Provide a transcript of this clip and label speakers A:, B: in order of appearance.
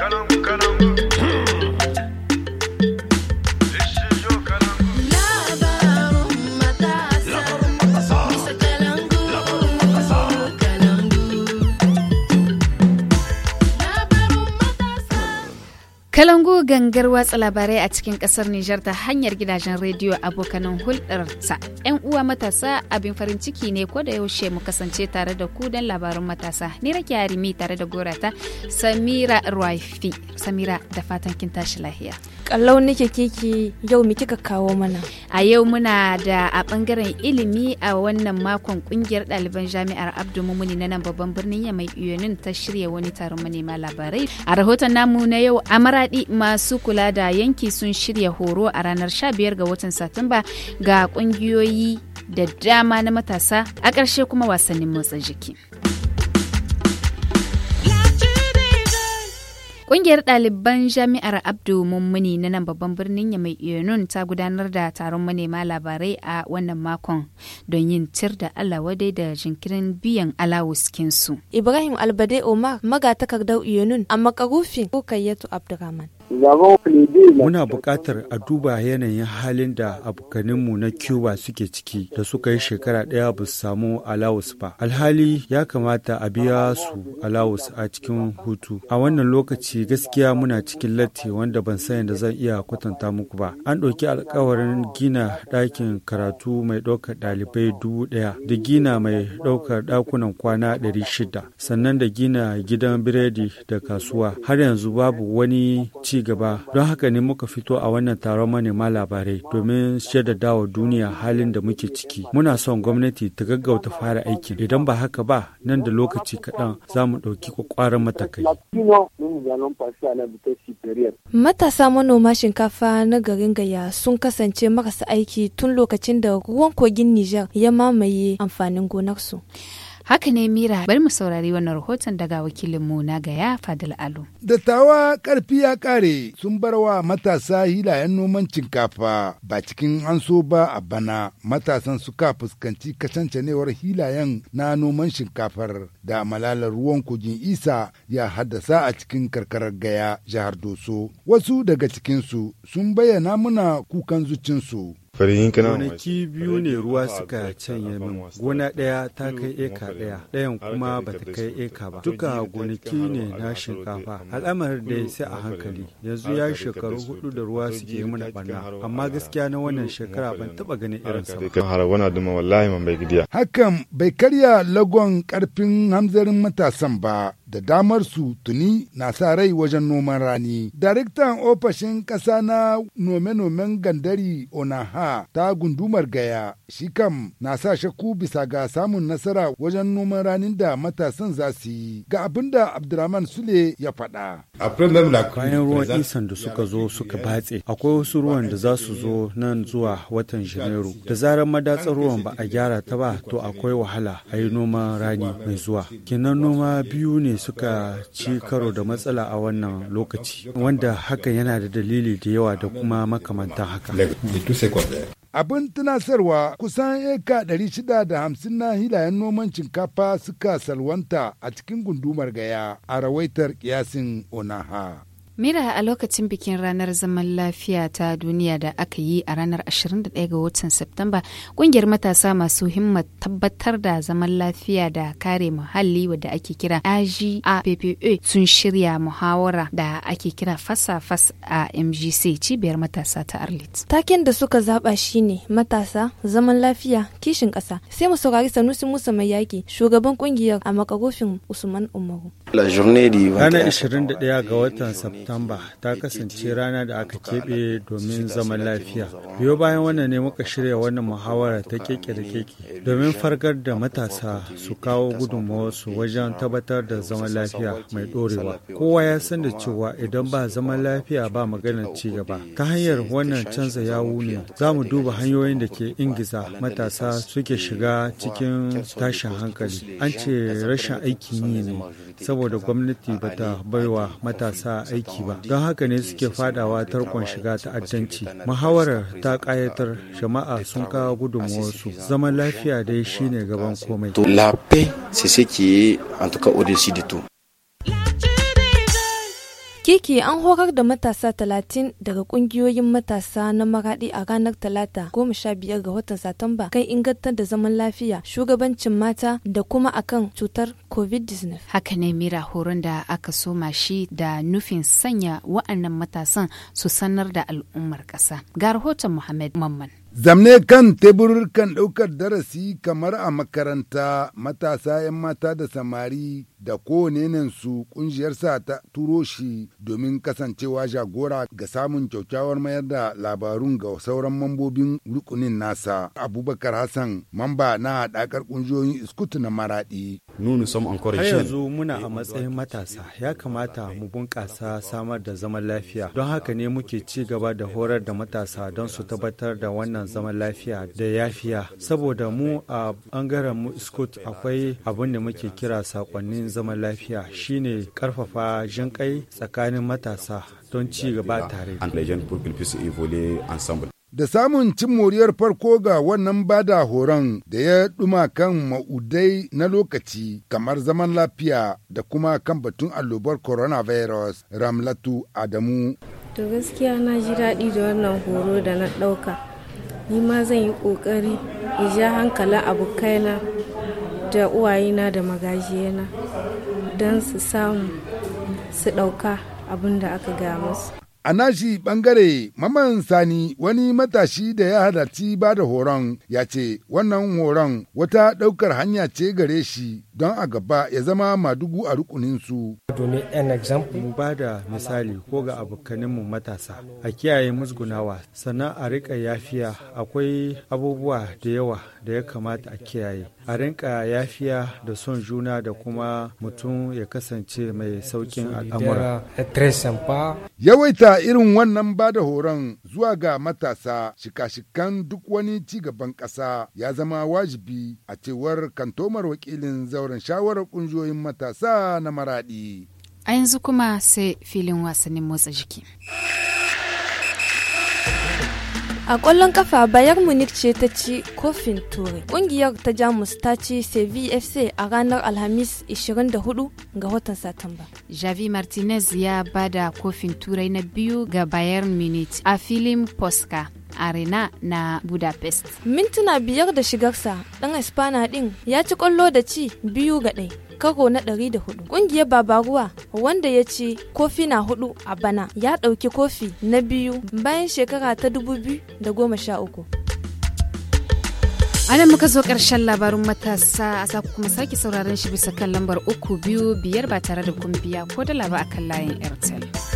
A: Calango, calango. Kalangu gangar watsa labarai a cikin kasar Nijar ta hanyar gidajen rediyo abokanan hulɗarta. 'Yan uwa matasa abin farin ciki ne ko da yaushe mu kasance tare da ku don labarun matasa. Ni rake harimi tare da gorata Samira Rwaifi. Samira da fatan kin tashi lahiya. Kallau nake kiki yau mi kika kawo mana? A yau muna da a bangaren ilimi a wannan makon kungiyar ɗaliban jami'ar Abdu Mumuni na nan babban birnin Yamai Uyonin ta shirya wani taron manema labarai. A rahoton namu na yau Amara faɗi masu kula da yanki sun shirya horo a ranar 15 ga watan Satumba ga ƙungiyoyi da dama na matasa a ƙarshe kuma wasannin motsa jiki. Ƙungiyar ɗaliban Jami'ar Abdu Mummuni na nan babban birnin Yamai Yunun ta gudanar da taron manema labarai a wannan makon don yin tir da Allah wadai da jinkirin biyan alawuskinsu. Ibrahim Albade Omar magatakardar Yunun a makarufin Rukayyatu Abdurrahman.
B: Muna buƙatar a duba yanayin halin da abokaninmu na Cuba suke ciki da suka yi shekara ɗaya ba su samu alawus ba. Alhali ya kamata a biya su alawus a cikin hutu. A wannan lokaci gaskiya muna cikin latti wanda ban san da zan iya kwatanta muku ba. An ɗauki alkawarin gina ɗakin karatu mai ɗaukar ɗalibai dubu ɗaya da gina mai ɗaukar ɗakunan kwana ɗari shida sannan da gina gidan biredi da kasuwa. Har yanzu babu wani ci ci gaba don haka ne muka fito a wannan taron manema labarai domin da wa duniya halin da muke ciki muna son gwamnati ta gaggauta fara aikin idan ba haka ba nan da lokaci kaɗan za mu ɗauki kwakwaran matakai
C: matasa manoma shinkafa na garin gaya sun kasance marasa aiki tun lokacin da ruwan kogin
A: nijar ya mamaye amfanin gonarsu Haka ne Mira bari mu saurari wannan rahoton daga wakilinmu na gaya Fadil Alu.
D: Dattawa karfi ya ƙare sun bar wa matasa hilayen noman shinkafa ba cikin an ba a bana matasan suka fuskanci kacancanewar hilayen na noman shinkafar da malalar ruwan kogin isa ya haddasa a cikin karkarar gaya jihar Doso. Wasu daga cikinsu sun bayyana muna kukan zucinsu
B: gonaki biyu ne ruwa suka canya min gona ɗaya ta kai eka ɗaya ɗayan kuma ba ta kai eka ba duka gonaki ne na shinkafa al'amar da ya sai a hankali yanzu ya shekaru hudu da ruwa suke yi mana barna amma gaskiya na wannan shekara ban taba ganin irin sa
D: hakan bai karya lagon karfin hamzarin matasan ba da damar su tuni na sa rai wajen noman rani. Daraktan ofishin ƙasa na nome-nomen gandari Onaha ta gundumar gaya shi kam na sa shakku bisa ga samun nasara wajen noman ranin da matasan za su yi ga abin da Abdurrahman Sule ya faɗa.
B: Bayan ruwan isan da suka zo suka batse akwai wasu ruwan da za su zo nan zuwa watan Janairu. Da zarar madatsar ruwan ba a gyara ta ba to akwai wahala a yi noman rani mai zuwa. Kinan noma biyu ne suka ci karo da matsala a wannan lokaci wanda hakan yana da dalili da yawa da kuma makamantan haka.
D: Abin tunasarwa kusan eka 650 na hilayen noman shinkafa suka salwanta a cikin gundumar gaya a rawaitar kiyasin Onaha.
A: Mira a lokacin bikin ranar zaman lafiya ta duniya da aka yi a ranar 21 ga watan Septamba, kungiyar matasa masu himma tabbatar da zaman lafiya da kare muhalli wadda ake kira AGAPPA e sun shirya muhawara da ake kira fasa-fas a MGC cibiyar matasa ta Arlit.
C: Taken da suka zaba shine matasa, zaman lafiya, kishin kasa Sai mu saurari Sanusi Musa mai yaki, shugaban kungiyar a makarofin Usman Umaru.
B: Ranar 21 ga watan Satumba ta kasance rana da aka keɓe domin zaman lafiya. Biyo bayan wannan ne muka shirya wannan muhawara ta keke da keke domin fargar da matasa su kawo gudunmawarsu wajen tabbatar da zaman lafiya mai ɗorewa. Kowa ya san da cewa idan ba zaman lafiya ba maganar ci gaba. Ta hanyar wannan canza yawu ne za mu duba hanyoyin da ke ingiza matasa suke shiga cikin tashin hankali. An ce rashin aikin yi ne saboda gwamnati ba ta baiwa matasa aiki ba don haka ne suke fadawa tarkon shiga ta'addanci muhawarar ta ƙayatar jama'a sun kawo gudunmuwarsu zaman lafiya dai shine gaban komai la paix ce qui en tout
C: Kiki an horar da matasa talatin daga kungiyoyin matasa na maradi a ranar talata goma sha biyar ga watan Satumba kan ingantar da zaman lafiya, shugabancin mata da kuma akan cutar COVID-19.
A: Haka ne mira horon da aka soma shi da nufin sanya wa'annan matasan su sanar da al'ummar ƙasa. Ga rahoton Muhammad Mamman.
D: Zamne kan kan ɗaukar darasi kamar a makaranta matasa 'yan mata da samari da kowane su kungiyarsa ta turo shi domin kasancewa jagora ga samun kyaukyawar mayar da labarun ga sauran mambobin rukunin nasa abubakar hassan mamba na hadakar kungiyoyin iskutu na maraɗi har yanzu
B: muna a matsayin matasa ya kamata mu bunƙasa samar da zaman lafiya don haka ne muke ci gaba da horar da matasa don su tabbatar da wannan zaman lafiya da yafiya saboda mu a bangaren mu iskut akwai abin da muke kira sakonnin zaman lafiya shine karfafa jinƙai tsakanin matasa don ci gaba tare.
D: Da samun cin moriyar farko ga wannan bada horon da ya ɗuma kan ma'udai na lokaci kamar zaman lafiya da kuma kan batun allobar coronavirus Ramlatu Adamu.
A: To gaskiya
C: na ji daɗi da wannan horo da na ɗauka. Ni ma zan yi ƙoƙari in ja hankalin abokaina da uwayena da magajiyena don su samu su ɗauka abin da aka ga musu
D: A nashi bangare Maman Sani wani matashi da ya halarci ba da horon ya ce wannan horon wata ɗaukar hanya ce gare shi don a gaba ya zama madugu a
B: rukuninsu. Mu ba da misali ko ga abokaninmu matasa a kiyaye musgunawa sannan a riƙa yafiya akwai abubuwa da yawa da ya kamata a kiyaye. A rinka yafiya da son juna da kuma mutum ya kasance mai saukin al'amura. Eh,
D: Yawaita irin wannan ba da horon zuwa ga matasa shika-shikan duk wani ci gaban ƙasa ya zama wajibi a cewar kantomar wakilin zauren shawarar ƙungiyoyin matasa
A: na maraɗi. A yanzu kuma sai filin wasannin motsa jiki. A kwallon kafa
C: bayar Munich ce ta ci kofin Turai. Ƙungiyar ta Jamus ta ci FC a ranar Alhamis 24 ga
A: watan Satumba. Javi Martinez ya bada kofin Turai na biyu ga Bayern Munich a filin Posca. arena na budapest mintuna biyar da
C: shigarsa dan espana din ya ci kwallo da ci biyu ga ɗai karo na hudu ƙungiyar babaruwa wanda ya ci kofi na hudu a bana ya ɗauki kofi na biyu
A: bayan shekara ta da 2013 ana muka zo karshen labarin matasa a sa kuma sake sauraron shi bisa kan lambar uku biyu biyar ba tare da kumbiya ko da a kan layin airtel